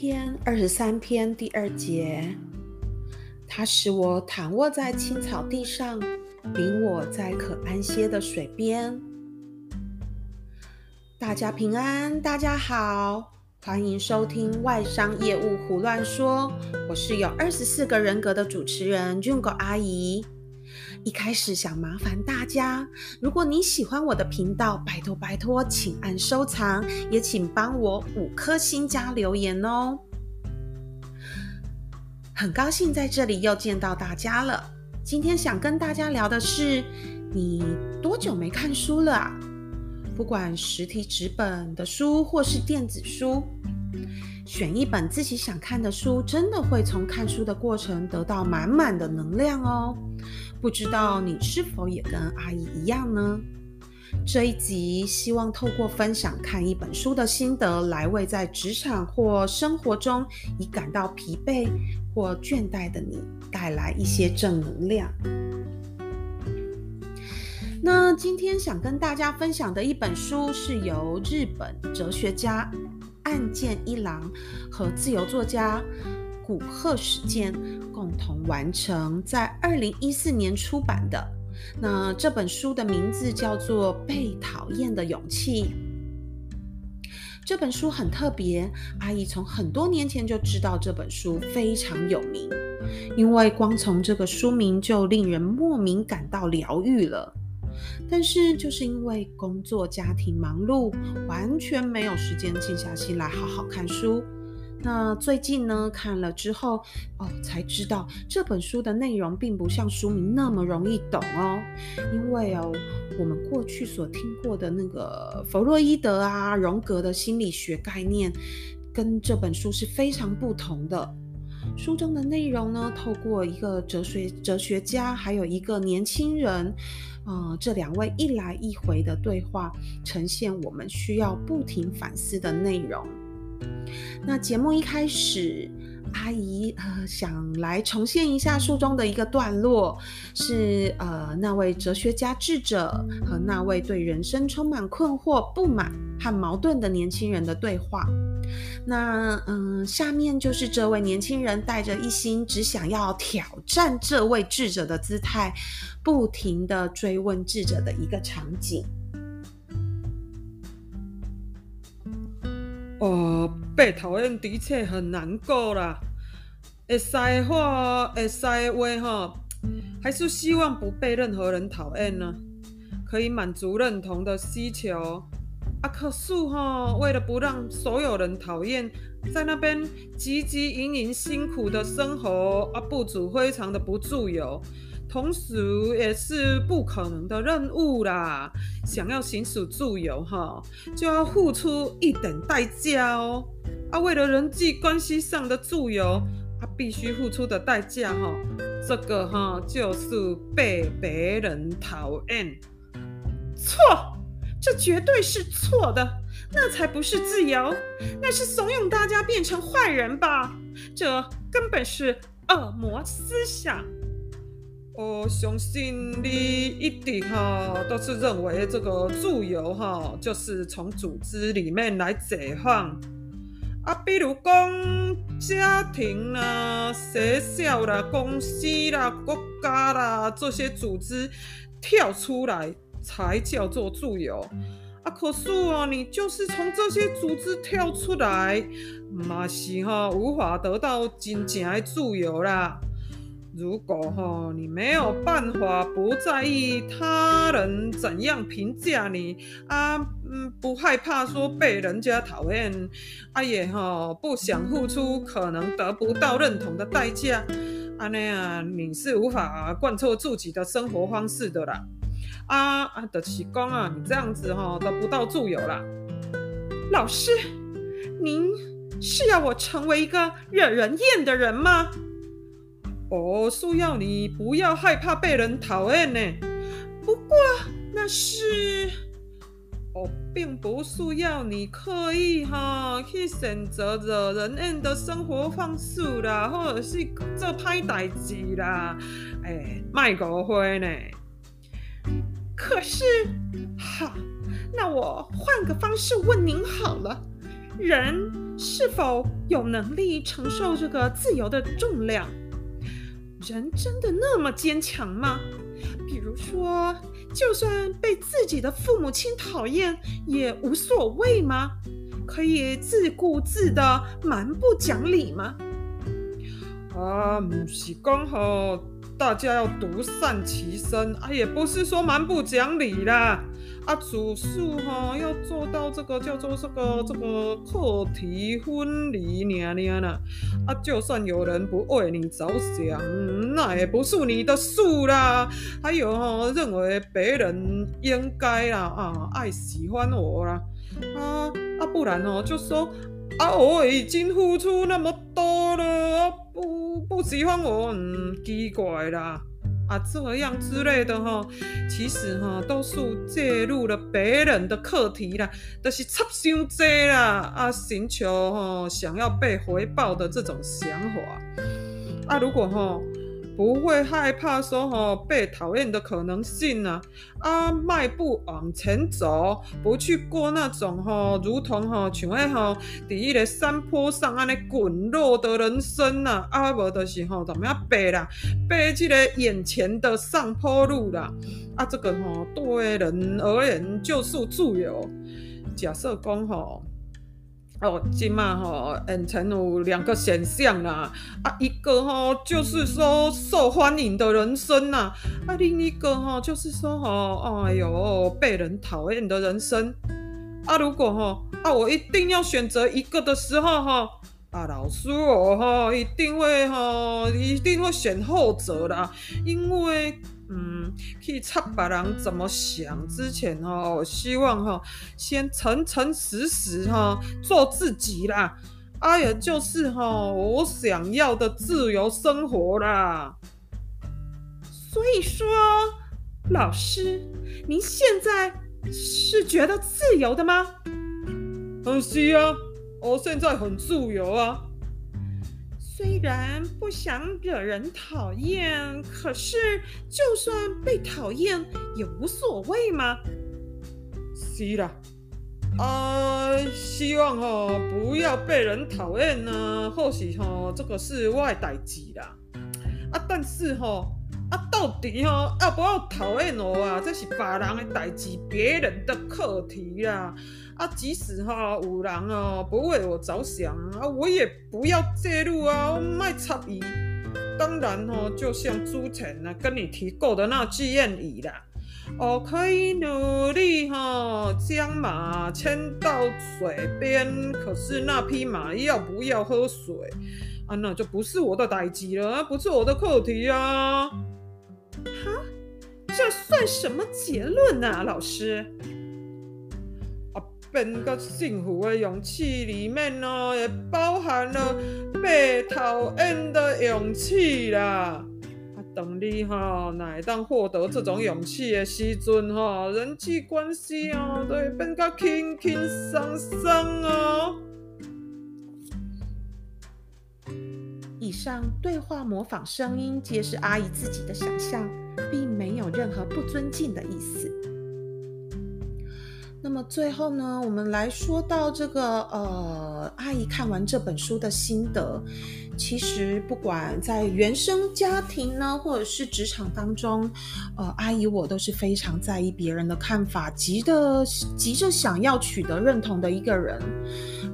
篇二十三篇第二節，他使我躺臥在青草地上，領我在可安歇的水邊。大家平安，大家好，歡迎收聽外商業務胡亂說，我是有二十四個人格的主持人 Junko 阿姨。一開始想麻煩大家，如果你喜歡我的頻道，拜托拜托，請按收藏，也請幫我五顆星加留言哦。很高興在這裡又見到大家了。今天想跟大家聊的是，你多久沒看書了啊？不管實體紙本的書或是電子書，選一本自己想看的書，真的會從看書的過程得到滿滿的能量哦。不知道你是否也跟阿姨一樣呢？這一集希望透過分享看一本書的心得，來為在職場或生活中已感到疲憊或倦怠的你，帶來一些正能量。那今天想跟大家分享的一本書，是由日本哲學家岸見一郎和自由作家古賀史健。共同完成，在二零一四年出版的。那這本書的名字叫做《被討厭的勇氣》。這本書很特別，阿姨從很多年前就知道這本書非常有名，因為光從這個書名就令人莫名感到療癒了。但是就是因為工作、家庭忙碌，完全沒有時間靜下心來好好看書。那最近呢，看了之後哦，才知道這本書的內容並不像書名那麼容易懂哦。因為哦，我們過去所聽過的那個弗洛伊德啊、榮格的心理學概念，跟這本書是非常不同的。書中的內容呢，透過一個哲學哲學家，還有一個年輕人，啊、呃，這兩位一來一回的對話，呈現我們需要不停反思的內容。那節目一開始，阿姨呃想來重現一下書中的一個段落，是呃那位哲學家智者和那位對人生充滿困惑、不滿和矛盾的年輕人的對話。那嗯、呃，下面就是這位年輕人帶着一心只想要挑戰這位智者的姿態，不停地追問智者的一個場景。哦，被討厭的確很難過啦。會識話、哦，會識話哈、哦，還是希望不被任何人討厭呢、啊，可以滿足認同的需求。阿、啊、可是哈、哦，為了不讓所有人討厭，在那邊汲汲營營辛苦的生活，阿不煮非常的不自由。同時也是不可能的任務啦！想要行使自由，哈，就要付出一點代價哦、喔。啊，為了人際關係上的自由，他、啊、必須付出的代價哈，這個哈就是被別人討厭。錯，這絕對是錯的。那才不是自由，那是慫恿大家變成壞人吧？這根本是惡魔思想。我、哦、相信你一定哈、啊、都是認為這個自由哈、啊、就是從組織裡面來解放，啊，比如講家庭啦、啊、學校啦、公司啦、國家啦，這些組織跳出來才叫做自由，啊，可是、啊、你就是從這些組織跳出來，嘛是哈、啊、無法得到真正的自由啦。如果哈你沒有辦法不在意他人怎樣評價你啊，嗯，不害怕說被人家討厭，啊也哈不想付出可能得不到認同的代價，啊那樣你是無法貫徹自己的生活方式的啦。啊啊的啟光啊，你這樣子哈得不到自由啦。老師，您是要我成為一個惹人厭的人嗎？我、oh, 需要你不要害怕被人討厭呢。不過那是，我、oh, 並不需要你刻意哈去選擇惹人厭的生活方式啦，或者是做拍歹劇啦，哎、欸，賣狗灰呢。可是，哈，那我換個方式問您好了：人是否有能力承受這個自由的重量？人真的那麼堅強嗎？比如說，就算被自己的父母親討厭，也無所謂嗎？可以自顧自的蠻不講理嗎？啊，唔，是剛好大家要獨善其身啊，也不是說蠻不講理啦。啊，主數哈、啊、要做到這個叫做這個這個課題分離，念念啦。啊，就算有人不為你着想，那也不是你的事啦。還有哈、啊，認為別人應該啦啊，愛喜歡我啦啊啊，啊不然哦、啊、就說啊，我已經付出那麼多了，啊、不不喜歡我，嗯，奇怪啦。啊，這樣之類的哈，其實哈都是介入了別人的課題啦，就是插傷多啦，啊，尋求哈想要被回報的這種想法，啊，如果哈。不會害怕說吼、哦、被討厭的可能性啊，啊，邁步往前走，不去過那種吼、哦、如同哈像迄哈在伊個山坡上安尼滾落的人生呢、啊？啊，無就是哈、哦、怎麼樣爬啦，爬這個眼前的上坡路啦？啊，這個吼、哦、對人而言就是自由。假設講吼、哦。哦，今晚吼，嗯，才、嗯、有兩個選項啦，啊，一個吼、哦、就是說受歡迎的人生啦，啊，另一個吼、哦、就是說吼、哦，哎呦，被人討厭的人生，啊，如果吼、哦、啊，我一定要選擇一個的時候哈、哦，啊，老師哦哈，一定會哈、哦，一定會選後者啦，因為。嗯，去測別人怎麼想之前哦，我希望哈先誠誠實實哈做自己啦，哎、啊、也就是哈我想要的自由生活啦。所以說，老師，您現在是覺得自由的嗎？是啊，我現在很自由啊。雖然不想惹人討厭，可是就算被討厭也無所謂嘛。是啦，啊、呃，希望吼不要被人討厭呢。或許吼這個是我的代誌，啦，啊，但是吼啊到底吼要不要討厭我討厭啊？這是別人的代志，別人的課題啦。啊，即使哈、哦、有人啊、哦、不為我着想啊，我也不要介入啊，我賣差比。當然哦、啊，就像朱晨啊跟你提過的那句諺語啦，哦，可以努力哈、哦，將馬牽到水邊，可是那匹馬要不要喝水？啊，那就不是我的代誌了，不是我的課題啊。哈，這算什麼結論啊，老師？更加幸福的勇氣裡面呢、喔，也包含了被討厭的勇氣啦。啊，當你哈、喔，乃會當獲得這種勇氣的時陣哈、喔，人際關係哦、喔，都會變到輕輕鬆鬆哦。以上對話模仿聲音，皆是阿姨自己的想象，並沒有任何不尊敬的意思。那麼最後呢，我們來說到這個呃，阿姨看完這本書的心得。其實不管在原生家庭呢，或者是職場當中，呃，阿姨我都是非常在意別人的看法，急得急着想要取得認同的一個人。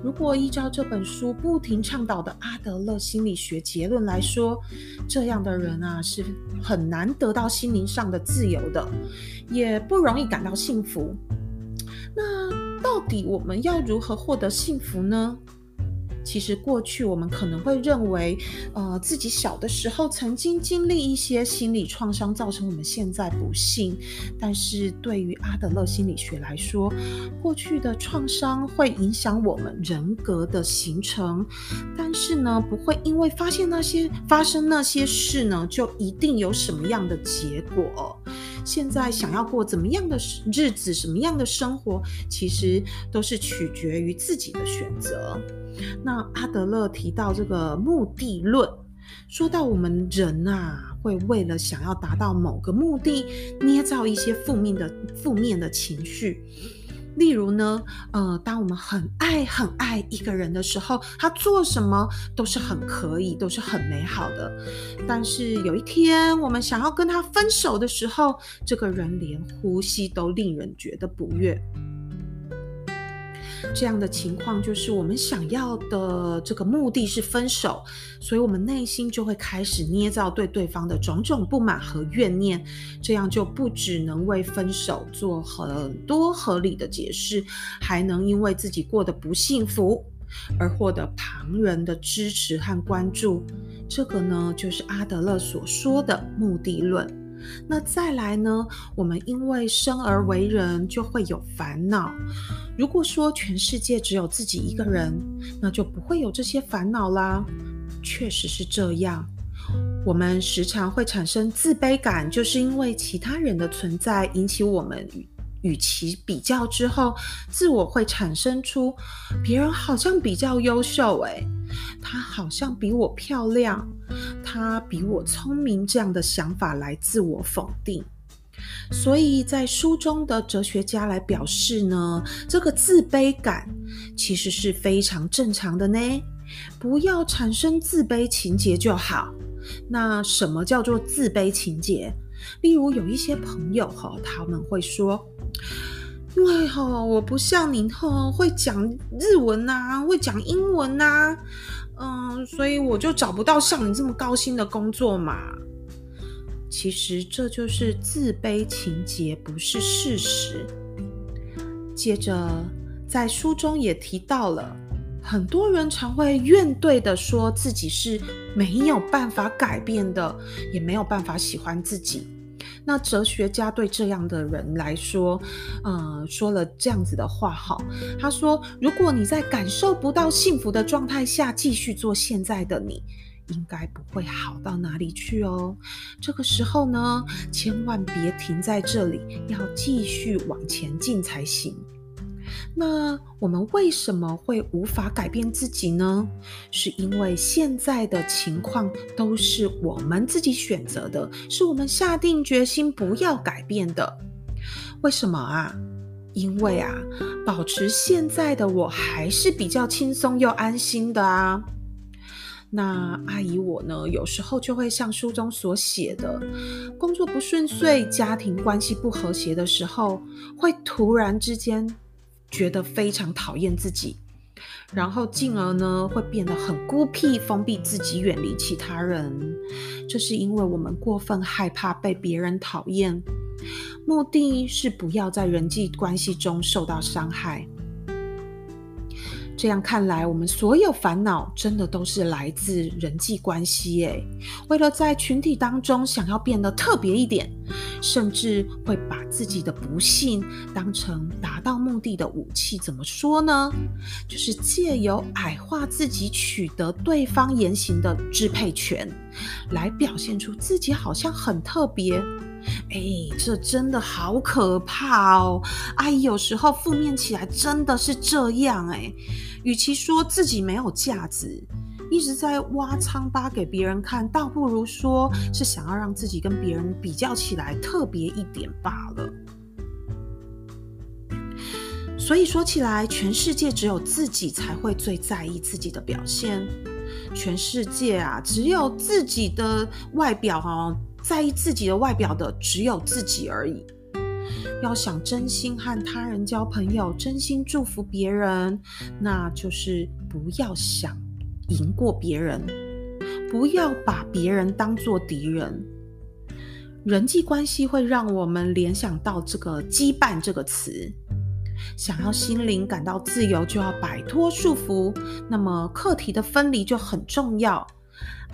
如果依照這本書不停倡導的阿德勒心理學結論來說，這樣的人啊，是很難得到心靈上的自由的，也不容易感到幸福。那到底我們要如何獲得幸福呢？其實過去我們可能會認為，呃，自己小的時候曾經經歷一些心理創傷，造成我們現在不幸。但是對於阿德勒心理學來說，過去的創傷會影響我們人格的形成。但是呢，不會因為發現那些發生那些事呢，就一定有什麼樣的結果。現在想要過怎麼樣的日子，什麼樣的生活，其實都是取決於自己的選擇。那阿德勒提到這個目的論，說到我們人啊，會為了想要達到某個目的，捏造一些負面的、負面的情緒。例如呢，呃，當我們很愛很愛一個人的時候，他做什麼都是很可以，都是很美好的。但是有一天，我們想要跟他分手的時候，這個人連呼吸都令人覺得不悅。這樣的情況就是我們想要的這個目的是分手，所以我們內心就會開始捏造對對方的種種不滿和怨念，這樣就不只能為分手做很多合理的解釋，還能因為自己過得不幸福而獲得旁人的支持和關注。這個呢，就是阿德勒所說的目的論。那再來呢？我們因為生而為人，就會有煩惱。如果說全世界只有自己一個人，那就不會有這些煩惱啦。確實是這樣，我們時常會產生自卑感，就是因為其他人的存在引起我們與其比較之後，自我會產生出別人好像比較優秀，欸，誒，她好像比我漂亮。他比我聰明，這樣的想法來自我否定，所以在書中的哲學家來表示呢，這個自卑感其實是非常正常的呢，不要產生自卑情結就好。那什麼叫做自卑情結？例如有一些朋友和他們會說。因為哈，我不像你哈，會講日文吶、啊，會講英文吶、啊，嗯、呃，所以我就找不到像你這麼高薪的工作嘛。其實這就是自卑情結，不是事實。接着，在書中也提到了，很多人常會怨懟的說自己是沒有辦法改變的，也沒有辦法喜歡自己。那哲學家對這樣的人來說，呃，說了這樣子的話哈，他說：如果你在感受不到幸福的狀態下繼續做現在的你，應該不會好到哪裡去哦。這個時候呢，千萬別停在這裡，要繼續往前進才行。那我們為什麼會無法改變自己呢？是因為現在的情況都是我們自己選擇的，是我們下定決心不要改變的。為什麼啊？因為啊，保持現在的我還是比較輕鬆又安心的啊。那阿姨我呢，有時候就會像書中所寫的，工作不順遂，家庭關係不和諧的時候，會突然之間，覺得非常討厭自己，然後進而呢，會變得很孤僻、封閉自己，遠離其他人。這是因為我們過分害怕被別人討厭，目的是不要在人際關係中受到傷害。這樣看來，我們所有煩惱真的都是來自人際關係誒，為了在群體當中想要變得特別一點，甚至會把自己的不幸當成達到目的的武器。怎麼說呢？就是借由矮化自己，取得對方言行的支配權，來表現出自己好像很特別。哎、欸，這真的好可怕哦！阿姨有時候負面起來真的是這樣誒，與其說自己沒有價值，一直在挖瘡疤給別人看，倒不如說是想要讓自己跟別人比較起來特別一點罷了。所以說起來，全世界只有自己才會最在意自己的表現。全世界啊，只有自己的外表哦。在意自己的外表的只有自己而已。要想真心和他人交朋友，真心祝福別人，那就是不要想贏過別人，不要把別人當做敵人。人際關係會讓我們聯想到這個“羈絆”這個詞。想要心靈感到自由，就要擺脫束縛，那麼課題的分離就很重要。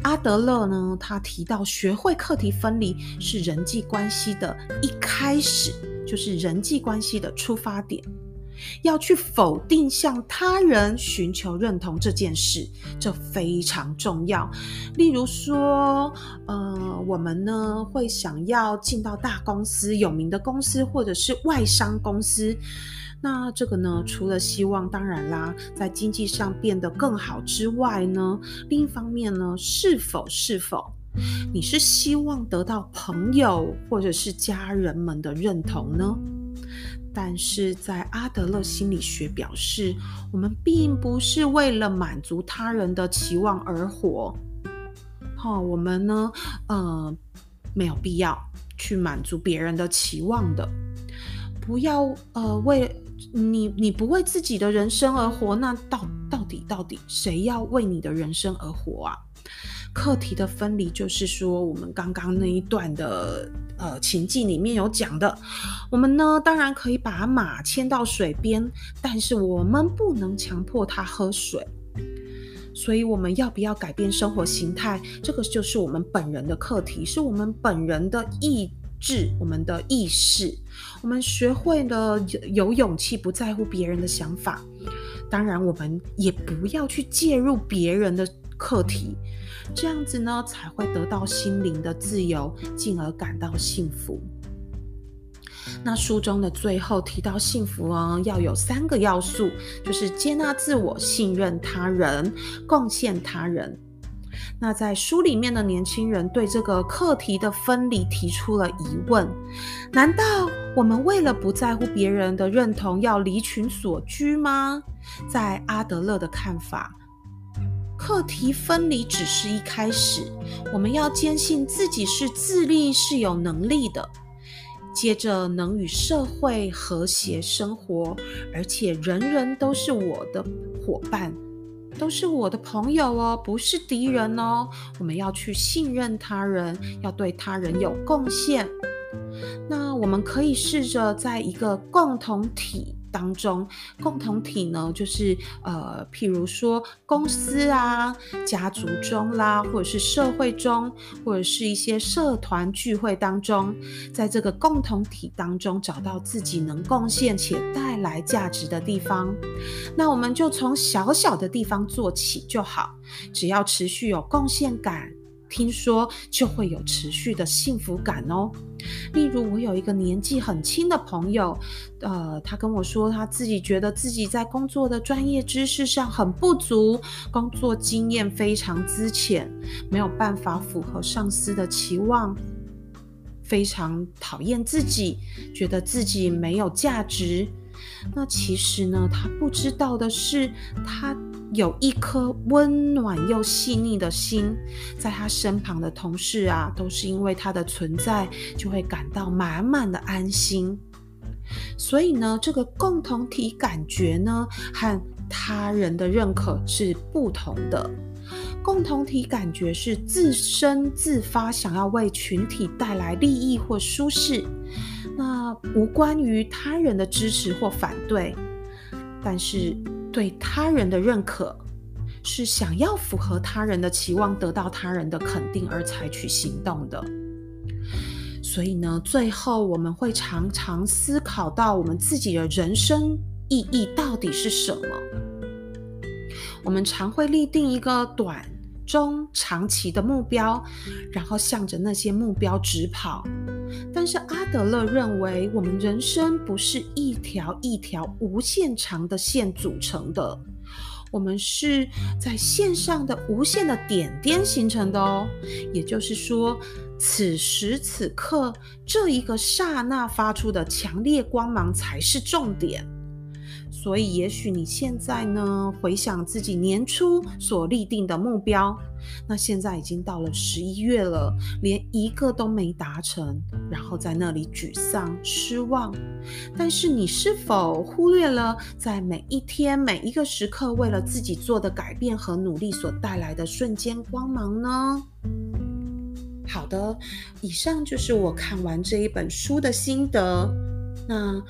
阿德勒呢，他提到學會課題分離是人際關係的一開始，就是人際關係的出發點。要去否定向他人尋求認同這件事，這非常重要。例如說，呃，我們呢會想要進到大公司，有名的公司，或者是外商公司。那這個呢，除了希望，當然啦，在經濟上變得更好之外呢，另一方面呢，是否是否你是希望得到朋友或者是家人們的認同呢？但是在阿德勒心理學表示，我們並不是為了滿足他人的期望而活。哈、哦，我們呢，呃，沒有必要去滿足別人的期望的，不要呃為。你你不為自己的人生而活，那到到底到底誰要為你的人生而活啊？課題的分離就是說，我們剛剛那一段的呃情境裡面有講的，我們呢當然可以把馬牽到水邊，但是我們不能強迫它喝水。所以我們要不要改變生活形態，這個就是我們本人的課題，是我們本人的意。治我們的意識，我們學會了有勇氣不在乎別人的想法，當然我們也不要去介入別人的課題，這樣子呢才會得到心靈的自由，進而感到幸福。那書中的最後提到幸福呢，要有三個要素，就是接納自我、信任他人、貢獻他人。那在書裡面的年輕人對這個課題的分離提出了疑問：難道我們為了不在乎別人的認同，要離群索居嗎？在阿德勒的看法，課題分離只是一開始，我們要堅信自己是自立是有能力的，接着能與社會和諧生活，而且人人都是我的夥伴。都是我的朋友哦，不是敵人哦。我們要去信任他人，要對他人有貢獻。那我們可以試着在一個共同體。當中，共同體呢，就是呃，譬如說公司啊、家族中啦，或者是社會中，或者是一些社團聚會當中，在這個共同體當中找到自己能貢獻且帶來價值的地方，那我們就從小小的地方做起就好，只要持續有貢獻感。聽說就會有持續的幸福感哦。例如，我有一個年紀很輕的朋友，呃，他跟我說，他自己覺得自己在工作的專業知識上很不足，工作經驗非常資淺，沒有辦法符合上司的期望，非常討厭自己，覺得自己沒有價值。那其實呢，他不知道的是，他有一顆溫暖又細膩的心，在他身旁的同事啊，都是因為他的存在，就會感到滿滿的安心。所以呢，這個共同體感覺呢，和他人的認可是不同的。共同體感覺是自身自發想要為群體帶來利益或舒適。那無關於他人的支持或反對，但是對他人的認可，是想要符合他人的期望，得到他人的肯定而採取行動的。所以呢，最後我們會常常思考到我們自己的人生意義到底是什麼。我們常會立定一個短。中長期的目標，然後向着那些目標直跑。但是阿德勒認為，我們人生不是一條一條無限長的線組成的，我們是在線上的無限的點點形成的哦。也就是說，此時此刻，這一個剎那發出的強烈光芒才是重點。所以，也許你現在呢，回想自己年初所立定的目標，那現在已經到了十一月了，連一個都沒達成，然後在那裡沮喪、失望。但是，你是否忽略了在每一天、每一個時刻，為了自己做的改變和努力所帶來的瞬間光芒呢？好的，以上就是我看完這一本書的心得。那。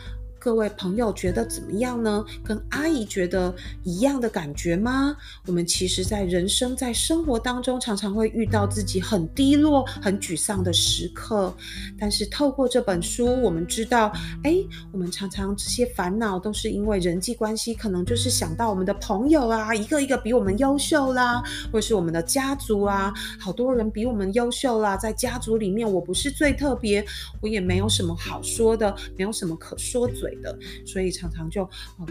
各位朋友覺得怎麼樣呢？跟阿姨覺得一樣的感覺嗎？我們其實，在人生，在生活當中，常常會遇到自己很低落、很沮喪的時刻。但是透過這本書，我們知道，哎，我們常常這些煩惱都是因為人際關係，可能就是想到我們的朋友啊，一個一個比我們優秀啦，或是我們的家族啊，好多人比我們優秀啦，在家族裡面，我不是最特別，我也沒有什麼好說的，沒有什麼可說嘴。所以常常就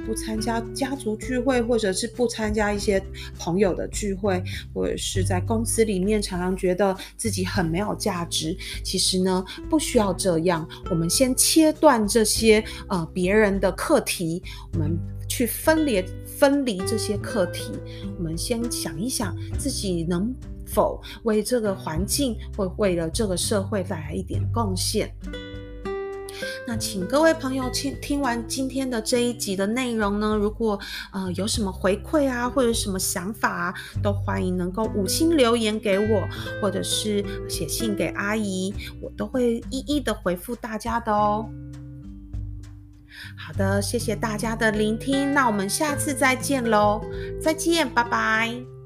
不參加家族聚會，或者是不參加一些朋友的聚會，或者是在公司裡面常常覺得自己很沒有價值。其實呢，不需要這樣。我們先切斷這些呃別人的課題，我們去分裂、分離這些課題。我們先想一想，自己能否為這個環境，或為了這個社會帶來一點貢獻。.那請各位朋友聽，聽完今天的這一集的內容呢，如果呃有什麼回饋啊，或者什麼想法啊，都歡迎能夠五星留言給我，或者是寫信給阿姨，我都會一一的回覆大家的哦。好的，謝謝大家的聆聽，那我們下次再見嘍，再見，拜拜。